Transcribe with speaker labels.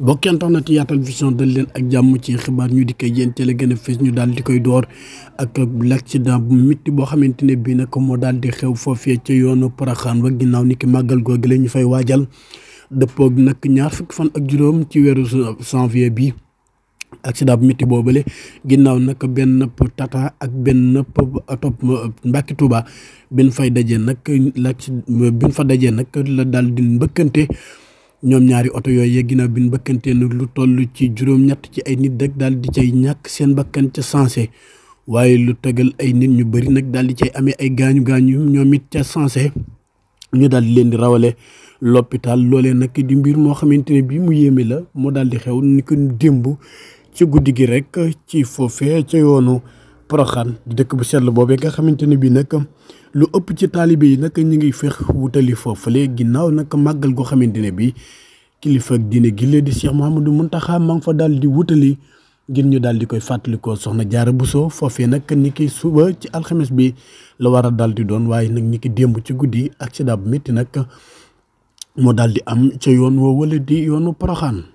Speaker 1: bokk internet Yaatal Vision dal leen ak jàmm ci xibaar ñu di koy yéen la gën a fees ñu daal di koy door ak l' accident bu métti boo xamante ne bii nag moo daal di xew foofee ca yoonu Paraxaan ba ginnaaw ni ki màggal googu la ñu fay waajal dëppoog nag ñaar fukki fan ak juróom ci weeru janvier bi accident bu métti bale ginnaaw nag benn tata ak benn oto Mbàkke Tuuba bin fay dajee nag la bin fa dajee nag la daal di mbëkkante ñoom ñaari oto yooyu yee ginnaaw bi ñu lu toll ci juróom-ñett ci ay nit rek daal di cay ñàkk seen bakkan ca sensé waaye lu tegal ay nit ñu bëri nag daal di cay amee ay gaañu gaañu ñoom it ca sensé ñu daal di leen di rawale l'hôpital loolee nag di mbir moo xamante ne bii mu yéeme la moo daal di xew ni ko démb ci guddi gi rek ci foofee ca yoonu. Porokhane dëkk bu sell boobee nga xamante ne bii nag lu ëpp ci taalibe yi nag ñu ngi fex wutali foofule ginnaaw nag màggal goo xamante ne bii kilifa ak diine gi lee di Cheikh Mouhamadou Mountakha ma nga fa daal di wutali ngir ñu daal di koy fàttalikoo soxna bu Buso foofee nag ni ki suba ci alxames bi la war a daal di doon waaye nag ni ki démb ci guddi accident bu métti nag moo daal di am ca yoon woo wala di yoonu Porokhane